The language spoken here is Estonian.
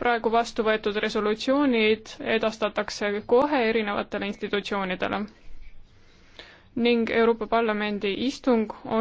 praegu vastu võetud resolutsioonid edastatakse kohe erinevatele institutsioonidele ning Euroopa Parlamendi istung on